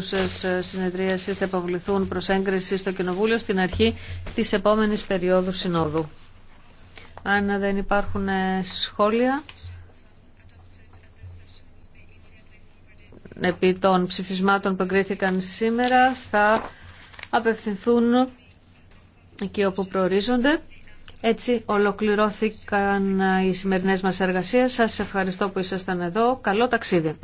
παρούσες ε, συνεδρίασεις θα υποβληθούν προς έγκριση στο Κοινοβούλιο στην αρχή της επόμενης περίοδου συνόδου. Αν δεν υπάρχουν ε, σχόλια, επί των ψηφισμάτων που εγκρίθηκαν σήμερα θα απευθυνθούν εκεί όπου προορίζονται. Έτσι ολοκληρώθηκαν ε, οι σημερινές μας εργασίες. Σας ευχαριστώ που ήσασταν εδώ. Καλό ταξίδι.